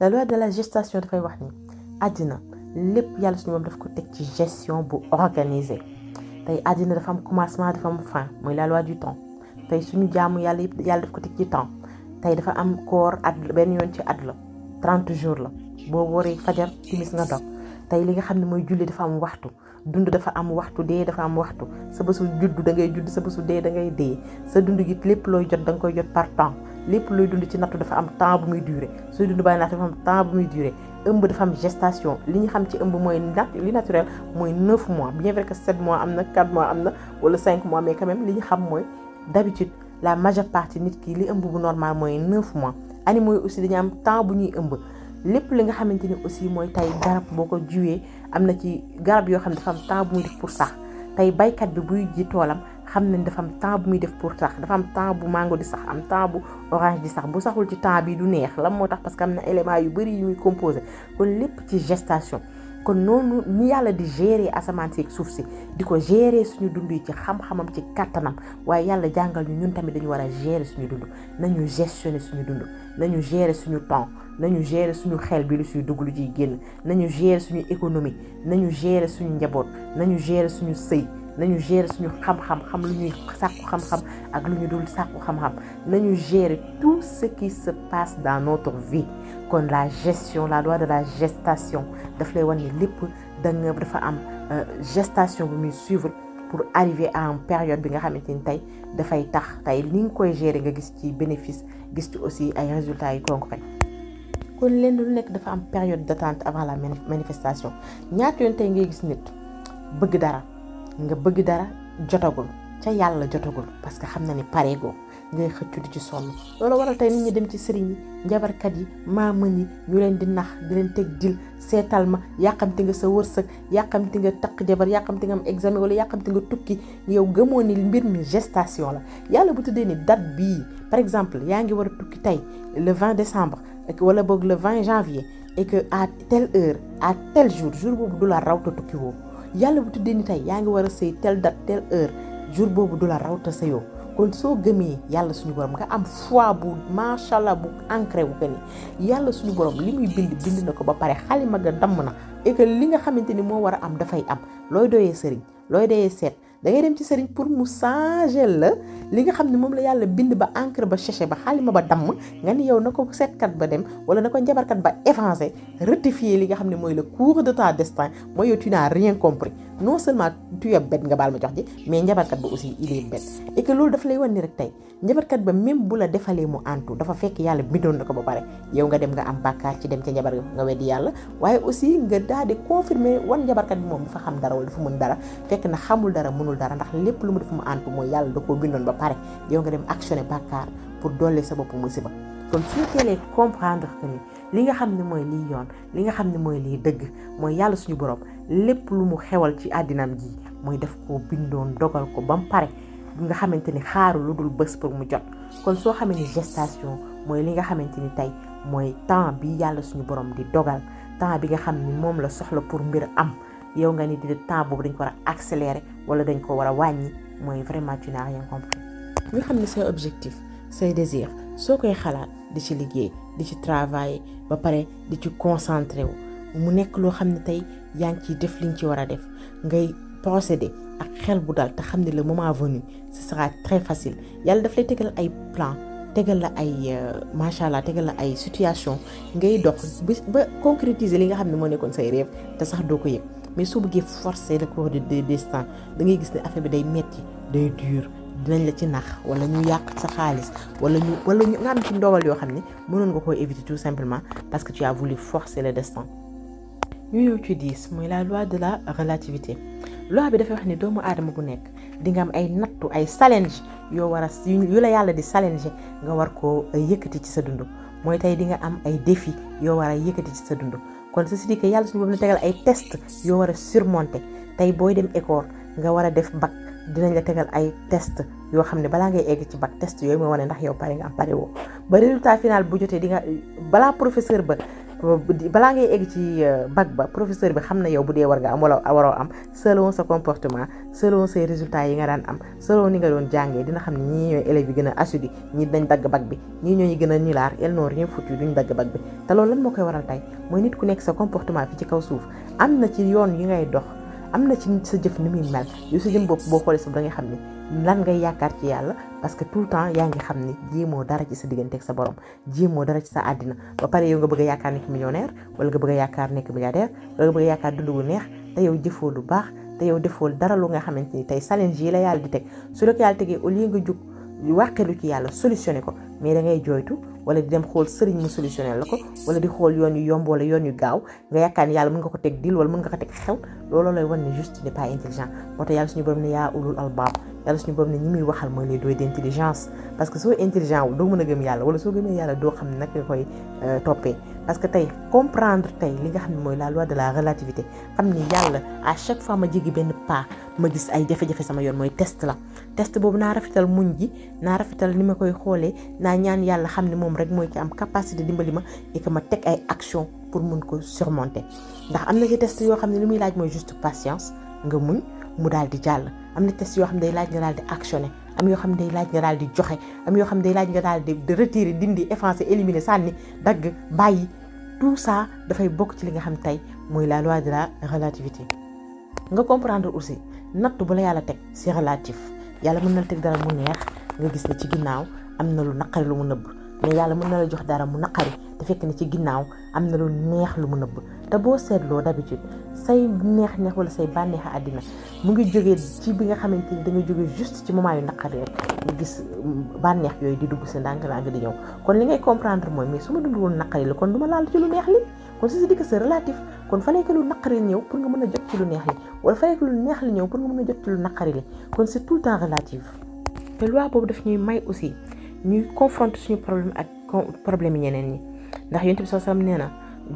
la loi de la gestation dafay wax ni àddina lépp yàlla suñu moom daf ko teg ci gestion bu organisée tey àddina dafa am commencement dafa am fin muy la loi du temps tey suñu jaamu yàlla yëpp yàlla daf ko teg ci temps tey dafa am koor at benn yoon ci at la jours la. boo wooree fajar timis nga dog tey li nga xam ne mooy julli dafa am waxtu dund dafa am waxtu dee dafa am waxtu sa bésu juddu da ngay judd sa bésu dee da ngay dee sa dund gi lépp looy jot da nga koy jot par temps lépp looy dund ci nattu dafa am temps bu muy duré sooy dund bàyyi naat dafa am temps bu muy duré ëmb dafa am gestation li ñu xam ci ëmb mooy li naturel mooy 9 mois bien vrai que 7 mois am na 4 mois am na wala 5 mois mais quand même li ñu xam mooy d'habitude la majeure partie nit li ëmb bu normal mooy 9 mois animaux yi aussi dañu am temps bu ñuy ëmb lépp li nga xamante ni aussi mooy tey garab boo ko jiwee am na ci garab yoo xam ne dafa am temps bu muy def pour sax tey baykat bi buy ji toolam xam nañ dafa am temps bu muy def pour sax dafa am temps bu mango di sax am temps bu orange di sax bu saxul ci temps bi du neex lan moo tax parce que am na élément yu bëri yu muy composé kon lépp ci gestation kon noonu ni yàlla di gérer asamaan si suuf si di ko gérer suñu dund yi ci xam-xamam ci kàttanam waaye yàlla jàngal ñu ñun tamit dañu war a gérer suñu dund nañu gestionner suñu dund nañu gérer suñu temps nañu gérer suñu xel bi lu suy dugg lu ciy génn nañu gérer suñu économie nañu gérer suñu njaboot nañu gérer suñu sëy nañu gérer suñu xam-xam xam lu ñuy sàkku xam-xam ak lu ñu dul sàkku xam-xam nañu gérer tout ce qui se passe dans notre vie kon la gestion la loi de la gestation daf lay wan ni lépp da nga dafa am euh, gestation bu muy suivre pour arriver à une période bi nga xamante ni tey dafay tax tey ni nga koy gérer nga gis ci bénéfice gis ci aussi ay résultats yu concret kon leen lu nekk dafa am période d'attente avant la manifestation ñaata yoon tey ngay gis nit bëgg dara nga bëgg dara jotagul ca yàlla jotagul parce que xam na ni pareegoo ngay xëccu di ci sonn loolu waral tey nit ñi dem ci sëriñ yi njabarkat yi maamën yi ñu leen di nax di leen teg dil seetal ma yàqamti nga sa wërsëg yàqamti nga takk jabar yàqamti nga am examen wala yàqamti nga tukki yow gëmoo ni mbir mi gestation la yàlla bu tuddee ni date bii par exemple yaa ngi war a tukki tey le 20 décembre wala boog le 20 janvier et que à telle heure à tel jour jour boobu du la raw tukki woo yàlla bu tuddee ni tey yaa ngi war a sëy telle date telle heure jour boobu du la raw te sëyoo kon soo gëmee yàlla suñu borom nga am foi bu macha allah bu ancré wu que ni yàlla suñu borom li muy bind bind na ko ba pare xalima ga damm na et li nga xamante ni moo war a am dafay am looy doyee sëriñ looy doyee seet. da ngay dem ci sëriñ pour mu changer la li nga xam ne moom la yàlla bind ba encre ba séché ba xaalima ba damm nga ni yow na ko seetkat ba dem wala na ko njabarkat ba évancé rectifier li nga xam ne mooy le cours de ta destin mooy yow tu n'as rien compris non seulement tu es bête nga baal ma jox ji mais njabarkat ba aussi il est bête et que loolu lay wan ni rek tey njabarkat ba même bu la defalee mu antu dafa fekk yàlla bindoon na ko ba pare yow nga dem nga am bàkkaar ci dem ca njabar nga weddi yàlla waaye aussi nga daal moom dafa xam dara wala dafa mën dara fekk na amul dara ndax lépp lu mu def mu antu mooy yàlla da koo bindoon ba pare yow nga dem actionné bàkkaar pour dolli sa bopp musiba kon suñu teelee comprendre que ni li nga xam ne mooy liy yoon li nga xam ne mooy liy dëgg mooy yàlla suñu borom lépp lu mu xewal ci àddinaam ji mooy def koo bindoon dogal ko ba mu pare nga xamante ni xaaru lu dul bés mu jot kon soo xamee ni gestation li nga xamante ni tey mooy temps bi yàlla suñu borom di dogal temps bi nga xam ni moom la soxla pour mbir am yow nga nit di temps boobu dañ ko war a accélérer wala dañ ko war a wàññi mooy vraiment tu n'as rien compris ñu xam ne say objectif say désir soo koy xalaat di ci liggéey di ci travailler ba pare di ci concentré wu mu nekk loo xam ne tey yaa ngi ciy def liñ ci war a def ngay procéder ak xel bu dal te xam ne le moment venu ce sera très facile yàlla daf lay tegal ay plan tegal la ay euh, macha allah tegal la ay situation ngay dox ba concrétiser li nga xam ne moo nekkoon say rêve te sax doo ko mais soo bëggee forcer le cours des destins da ngay gis ne affaire bi day metti day dur dinañ la ci nax wala ñu yàq sa xaalis wala ñu wala ñu nga am ci ndogal yoo xam ne mënoon nga koo éviter tout simplement parce que tu as voulu forcer le destin. ñu yow ci dix mooy la loi de la relativité loi bi dafay wax ne doomu aadama bu nekk di nga am ay nattu ay challenge yoo war a yu la yàlla di challenge nga war koo yëkkati ci sa dundu mooy tey di nga am ay défi yoo war yëkkati ci sa dund. kon ceci dit que yàlla suñu boobu la tegal ay test yoo war a surmonter tey booy dem école nga war a def bac dinañ la tegal ay test yoo xam ne balaa ngay egg ci bac test yooyu mooy waree ndax yow pare nga am pare woo ba résultat final bu jotee di nga balaa professeur ba balaa ngay egg ci euh, bac ba professeur bi xam na yow bu dee war nga am wala waroo am selon sa comportement selon ses résultat yi nga daan am selon ni nga doon jàngee dina xam ne ñii ñooy élèves yi gën a assidu ñi dañ dagg bac bi ñii ñooñu gën a ñilaar el ñëpp dagg bag bi te loolu lan moo koy waral tey mooy nit ku nekk sa comportement fi ci kaw suuf am na ci yoon yi ngay dox am na ci sa jëf ni muy mel yu sa jëm bopp boo xoolee sa da xam ne lan ngay yaakaar ci yàlla parce que tout le temps yaa ngi xam ne jéemoo dara ci sa diggante ak sa borom jéemoo dara ci sa àddina ba pare yow nga bëgg a yaakaar nekk millionnaire wala nga bëgg a yaakaar nekk milliardaire wala nga bëgg a yaakaar dund gu neex te yow jëfoo lu baax te yow defoo dara lu nga xamante ni tey challenge yi la yàlla di teg su la ko yàlla tegee au lieu nga jug wàqelu ci yàlla solutionné ko mais da ngay jooytu wala di dem xool sëriñ mu solutionné la ko wala di xool yoon yu yomb wala yoon yu gaaw nga yaakaar yàlla mën nga ko teg dil wala mën nga ko teg xel looloo lay wan ne juste muy waxal mooy les doo a gëm yàlla wala soo gëmee yàlla xam ne nag nga koy euh, toppee parce que tey comprendre tey li nga xam ne mooy la loi de la relativité xam ni yàlla à chaque fois ma jéggi benn pas ma gis ay jafe-jafe sama yoon mooy test la test boobu naa rafetal muñ ji naa rafetal ni ma xanaa ñaan yàlla xam ne moom rek mooy ci am capacité dimbali ma et que ma teg ay action pour mun ko surmonter ndax am na ci test yoo xam ne li muy laaj mooy juste patience nga muñ mu daal di jàll am na test yoo xam ne day laaj nga daal di actionné am yoo xam ne day laaj nga daal di joxe am yoo xam ne day laaj nga daal di retirer dindi effacer éliminer sànni dagg bàyyi tout ça dafay bokk ci li nga xam tey mooy la loi de la relativité nga comprendre aussi nattu bu la yàlla teg c'est relatif yàlla mën na teg dara mu neex nga gis ci ginnaaw am na lu naqari lu mu nëbb mais yàlla mën na la jox dara mu naqari te fekk ne ci ginnaaw am na lu neex lu mu nëbb te boo seetloo d'habitude say neex neex wala say bànneex a mu ngi jógee ci bi nga xamante ni da nga jógee juste ci moment yu naqari rek nga gis mm, bànneex yooyu di dugg si ndànk ndànk di ñëw kon li ngay comprendre mooy mais su ma dund woon naqari la kon du ma laal ci lu neex li kon si si dikk sa relatif kon fallait que lu naqari ñëw pour nga mën a jot ci lu neex li wala fallait que lu neex li ñëw pour nga mën a jot ci lu naqari li le temps relatif ñuy confronter suñu problème ak problème yi ñeneen ñi ndax yonent bi soo sam nee na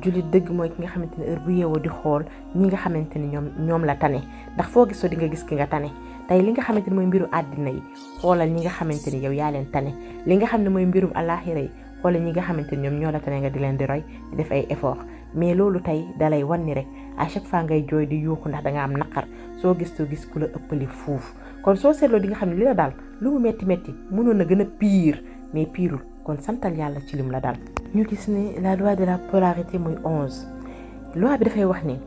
jullit dëgg mooy ki nga xamante ne heure bu yeewoo di xool ñi nga xamante ne ñoom ñoom la tane ndax foo gisoo di nga gis ki nga tane tey li nga xamante ne mooy mbiru àddina yi xoolal ñi nga xamante ni yow yaa leen tane li nga xam ne mooy mbirum àllaaxira yi ñi nga xamante ni ñoom ñoo la tane nga di leen di roy di def ay effort mais loolu tey dalay wan ni rek à chaque fois ngay jooy di yuuxu ndax danga am naqar soo gis tu gis ku la ëppale fuuf kon soo seetloo di nga xam ne li la daal lu mu metti metti mënoon na gën a pire mais piirul kon santal yàlla ci lim la daal. ñu gis ni la loi de la polarité mooy onze loi bi dafay wax ni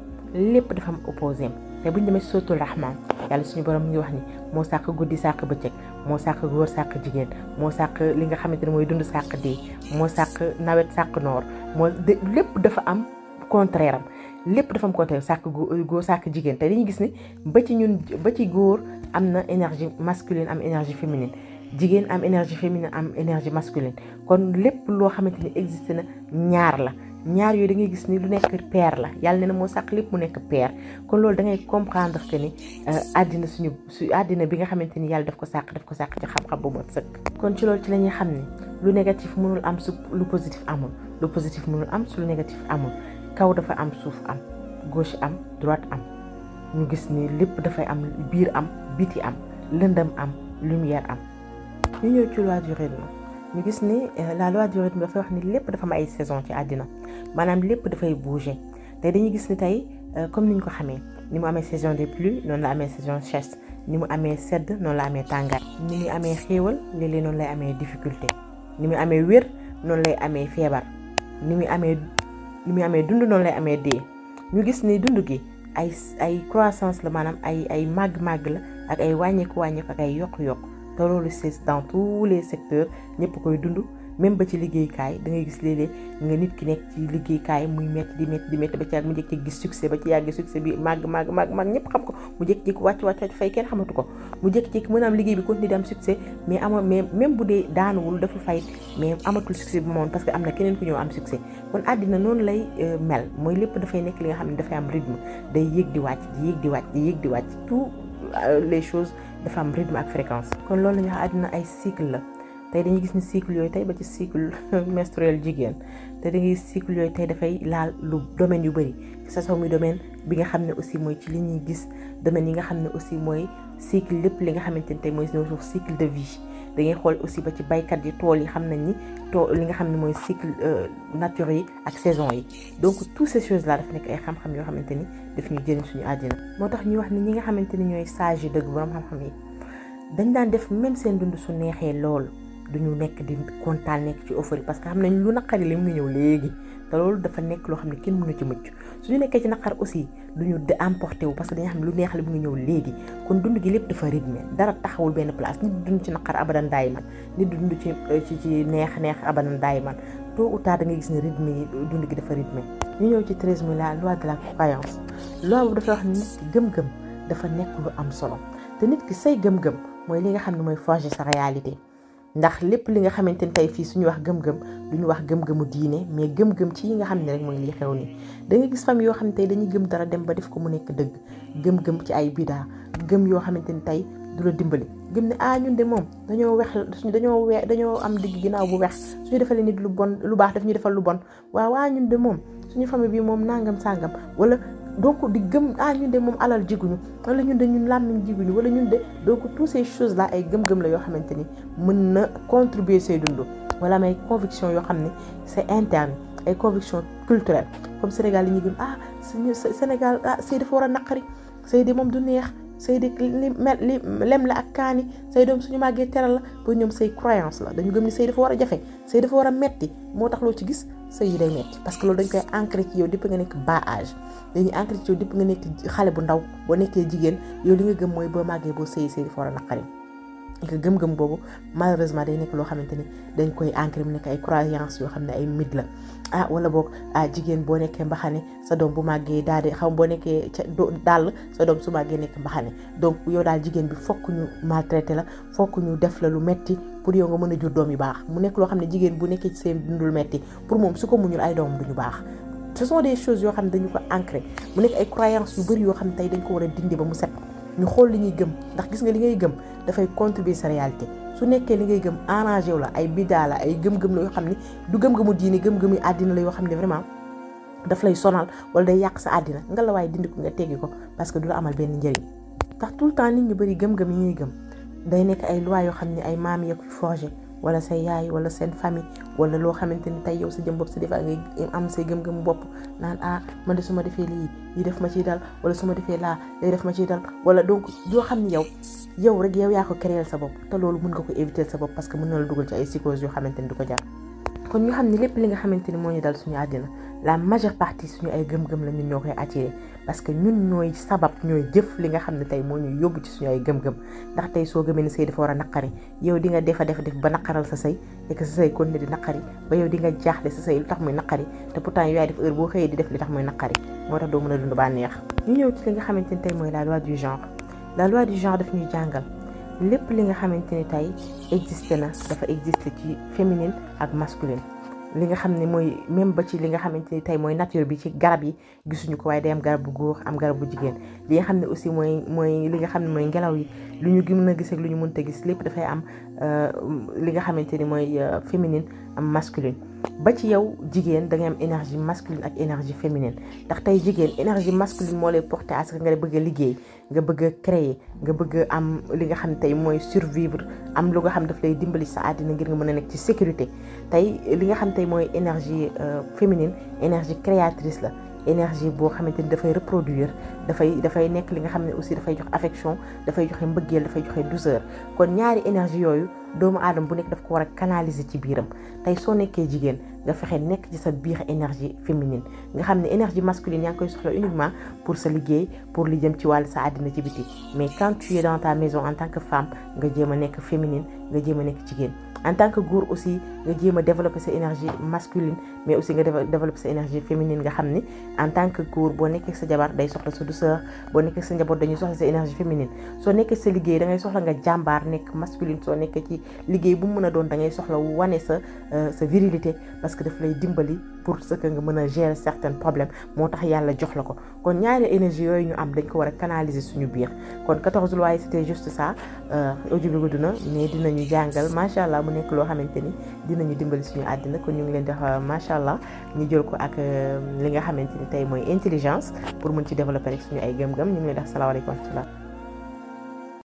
lépp dafa am opposé te bu ñu demee sootul rahman yàlla suñu borom mu ngi wax ni moo sàkk guddi sàkk bëccëg moo sàkk góor sàkk jigéen moo sàkk li nga xamante ne mooy dund sàkk dee moo sàkk nawet sàkk noor moo lépp dafa am contraire am. lépp dafa am côté sàkk góor sàkk jigéen te dañuy gis ni ba ci ñun ba ci góor am na énergie masculine am énergie féminine jigéen am énergie féminine am énergie masculine kon lépp loo xamante ni existé na ñaar la ñaar yooyu da ngay gis ni lu nekk paire la yàlla ne na moo sàkk lépp mu nekk paire kon loolu da ngay comprendre que ni euh, àddina suñu su àddina bi nga xamante ni yàlla daf ko sàkk daf ko sàkk ci xam-xam bu mat sëkk. kon ci loolu ci la ñuy xam ne lu négatif mënul am su lu positif amul lu positif mënul am su lu négatif amul. kaw dafa am suuf am gauche am droite am ñu gis ni lépp dafay am biir am biti am lëndëm am lumière am ñu ñëw ci loi du rythme ñu gis ni euh, la loi du rythme dafay wax ni lépp dafa am ay saison ci àddina maanaam lépp dafay bouge te dañuy gis ni tey euh, comme ni ñu ko xamee ni mu amee saison des plus noonu la amee saison sèche ni mu amee sedd noonu la amee tàngaay ni muy amee xéewal léeg noonu lay amee difficulté ni muy amee wér noonu lay amee feebar ni muy amee li muy amee dund noonu lay amee dee ñu gis ni dund gi ay ay croissance la maanaam ay ay màgg-màgg la ak ay wàññeeku wàññeeku ak ay yokk yokku te loolu c'est dans tous les secteurs ñëpp koy dund même ba ci liggéeykaay dangay gis léeg-léeg nga nit ki nekk ci liggéeykaay muy métti di métti di métti ba ci yàgg mu njëkk ci gis succès ba ci yàgg succès bi màgg màgg mag màgg ñëpp xam ko mu jékki-jékki wàcc wàcc fay kenn xamatu ko mu jékki-jékki mën am liggéey bi continuer di am succès mais ama mais même bu dee daanuwul dafa fay mais amatul succès bi moom parce que am na keneen ku ñëw am succès kon àddina noonu lay euh, mel mooy lépp dafay nekk li nga xam ne dafay am rythme day yéeg di wàcc di yéeg di wàcc di euh, les choses dafa am rythme ak kon loolu la ñuy wax àddina ay cycle la tey dañuy gis ni cycle yooyu tey ba ci cycle menstruel jigéen te dañuy cycle yooyu tey dafay laal lu domaine yu bëri ci sa muy domaine bi nga xam ne aussi mooy ci li ñuy gis domaine yi nga xam ne aussi mooy cycle lépp li nga xamante ni tey mooy suñu cycle de vie da ngay xool aussi ba ci baykat yi tool yi xam nañ ni tool li nga xam ne mooy cycle euh, nature yi ak saison yi donc toutes ces choses là daf nekk ay xam-xam yoo xamante ni daf ñu jëriñ suñu àddina moo tax ñu wax ni ñi nga xamante ni ñooy sage yi dëgg borom xam-xam yi dañ daan def même seen dund su neexee lool du duñu nekk di kontaan nekk ci offre yi parce que xam nañ lu naqari li mu ngi ñëw léegi te loolu dafa nekk loo xam ne kenn mënu ci mucc suñu nekkee ci naqar aussi duñu de emporté wu parce que dañuy xam ne lu neex li mu ngi ñëw léegi kon dund gi lépp dafa rythmé dara taxawul benn place nit dund ci naqar abadan daay man nit dund ci euh, ci ci neex neex abadan daay man tôt ou tard da ngay gis ne rythme yi dund gi dafa rythmé ñu ñëw ci treize mille la loi de la croyance loi bu dafa wax gëm-gëm dafa nekk lu am solo te nit ki say gëm-gëm mooy li nga xam ne mooy forger sa ndax lépp li nga xamante ni tey fii suñu wax gëm-gëm ñu wax gëm-gëmu diine mais gëm-gëm ci yi nga xam ne rek mooy lii xew ni da nga gis fam yoo xam ne tey dañuy gëm dara dem ba def ko mu nekk dëgg gëm-gëm ci ay bidaa gëm yoo xamante ni tey du la dimbali gëm ne ah ñun de moom dañoo wex dañoo we dañoo am digg ginnaaw bu wex suñu defalee nit lu bon lu baax daf ñu defal lu bon waaw waa ñun de moom suñu famille bii moom nangam sàngam wala donc di gëm ah ñun de moom alal jiguñu wala ñun de ñun làmmiñ jiguñu wala ñun de donc tous ces choses là ay gëm-gëm la yoo xamante ni mën na contribuer say dund wala may conviction yoo xam ne c'est interne ay conviction culturelle comme Sénégal yi ñu gëm ah suñu Sénégal ah sëy dafa war a naqari sëy de moom du neex sëy de li mel li lem la ak kaani sëy doom suñu màggee teral la pour ñoom say croyance la dañu gëm ni sëy dafa war a jafe sëy dafa war a metti moo tax loo ci gis sa yi day metti parce que loolu dañ koy ancré ci yow depuis nga nekk bas âge dañuy ancré ci yow depuis nga nekk xale bu ndaw boo nekkee jigéen yow li nga gëm mooy boo màggee boo sëyi sëy foo la naqari et que gëm-gëm boobu malheureusement nekk loo xamante ni dañ koy ancré mu nekk ay croyance yoo xam ne ay mythe la ah wala boog ah, jigéen boo nekkee mbaxane sa doom bu màggee daal di xam boo nekkee ca daal sa doom su màggee nekk mbaxane donc yow daal jigéen bi fokk ñu maltraité la fokk ñu def la lu metti pour yow nga mën a jur doom yu baax mu nekk loo xam ne jigéen bu nekkee ci seen dundul metti pour moom su ko muñul ay doomam duñu baax ce sont des choses yoo xam ne dañu ko ancré mu nekk yu bëri yoo xam ne tey dañ ko war a dindi ba mu set ñu xool li ñuy gëm ndax gis nga li ngay gëm dafay contribuer sa réalité su nekkee li ngay gëm arrangé wu la ay bidaa la ay gëm-gëm la yoo xam ne du gëm-gëmu diine gëm-gëmu àddina la yoo xam ne vraiment daf lay sonal wala day yàq sa àddina nga la waaye dindi ko nga teggi ko parce que du la amal benn njëriñ ndax tout temps nit ñu bëri gëm-gëm yi ñuy gëm day nekk ay loi yoo xam ne ay maam yeeg forgé wala sa yaay wala seen famille wala loo xamante ni tey yow sa jëm bopp sa defaa ngay am say gëm-gëm bopp naan ah man de suma defee lii lii def ma ciy dal wala suma ma defee laa lii def ma ciy dal wala donc joo xam ne yow yow rek yow yaa ko créer sa bopp te loolu mën nga ko éviter sa bopp parce que mun na la dugal ci ay psychose yoo xamante ni du ko jar kon ñu xam ne lépp li nga xamante ni moo ñu dal suñu àddina la majeure partie suñu ay gëm-gëm la ñun ñoo koy attiré parce que ñun ñooy sabab ñooy jëf li nga xam ne tey moo ñuy yóbbu ci suñu ay gëm-gëm ndax tey soo gëmee ne sëy dafa war a naqari yow di nga defa def def ba naqaral sa sëy et que sa sëy kon di naqari ba yow di nga jaaxle sa sëy lu tax muy naqari te pourtant yow yaay def heure boo xëyee di def li tax muy naqari moo tax doo mën a dund ba neex ñu ñëw ci li nga xamante ni tey mooy la loi du genre la loi du genre daf ñuy jàngal lépp li nga xamante ne tey existe na dafa existe ci féminine ak masculine li nga xam ne mooy même ba ci li nga xamante ni tey mooy nature bi ci garab yi gisuñu ko waaye day am garab bu góor am garab bu jigéen li nga xam ne aussi mooy mooy li nga xam ne mooy ngelaw yi lu ñu mën a gis ak lu ñu mënta gis lépp dafay am euh, li nga xamante ni mooy euh, féminine am masculine ba ci yow jigéen da ngay am énergie masculine ak énergie féminine ndax tey jigéen énergie masculine moo lay porté à nga bëgg a liggéey nga bëgg a créer nga bëgg am li nga xam tey mooy survivre am lu nga xam daf lay dimbali sa addina ngir nga mën a nekk ci sécurité tey li nga xam tey mooy énergie euh, féminine énergie créatrice la énergie boo xamante ni dafay reproduire dafay dafay nekk li nga xam ne aussi dafay jox affection dafay joxe mbëggeel dafay joxe douceur kon ñaari énergie yooyu doomu aadama bu nekk daf ko war a canaliser ci biiram tey soo nekkee jigéen nga fexe nekk ci sa biir énergie féminine nga xam ne énergie masculine yaa ngi koy soxla uniquement pour sa liggéey pour li jëm ci wàll sa àddina ci biti mais quand tu es maison en tant que femme nga jéem a nekk féminine nga jéem a nekk jigéen en tant que góor aussi nga jéem a développer sa énergie masculine mais aussi nga développer sa énergie féminine nga xam ni en tant que góor boo nekkee sa jabar day soxla sa douceur boo nekkee sa njaboot dañuy soxla sa énergie féminine soo nekkee sa liggéey da ngay soxla nga jàmbaar nekk masculine soo nekkee ci liggéey bu mu mën a doon da ngay soxla wane sa euh, sa virilité parce que daf lay dimbali pour ce que nga mën a gérer certains problèmes moo tax yàlla jox la ko kon ñaari énergie yooyu ñu am dañ ko war a canaliser suñu biir kon 14 lois yi c'était juste ça euh, audio bi gudd na mais ñu jàngal macha allah mu nekk loo xamante ni dinañu dimbali suñu àddina kon ñu ngi leen di euh, macha allah ñu jël ko ak euh, li nga xamante ni tey mooy intelligence pour mën ci développer rek suñu ay gëm-gëm ñu ngi leen di wax salaamaaleykum wa rahmatulah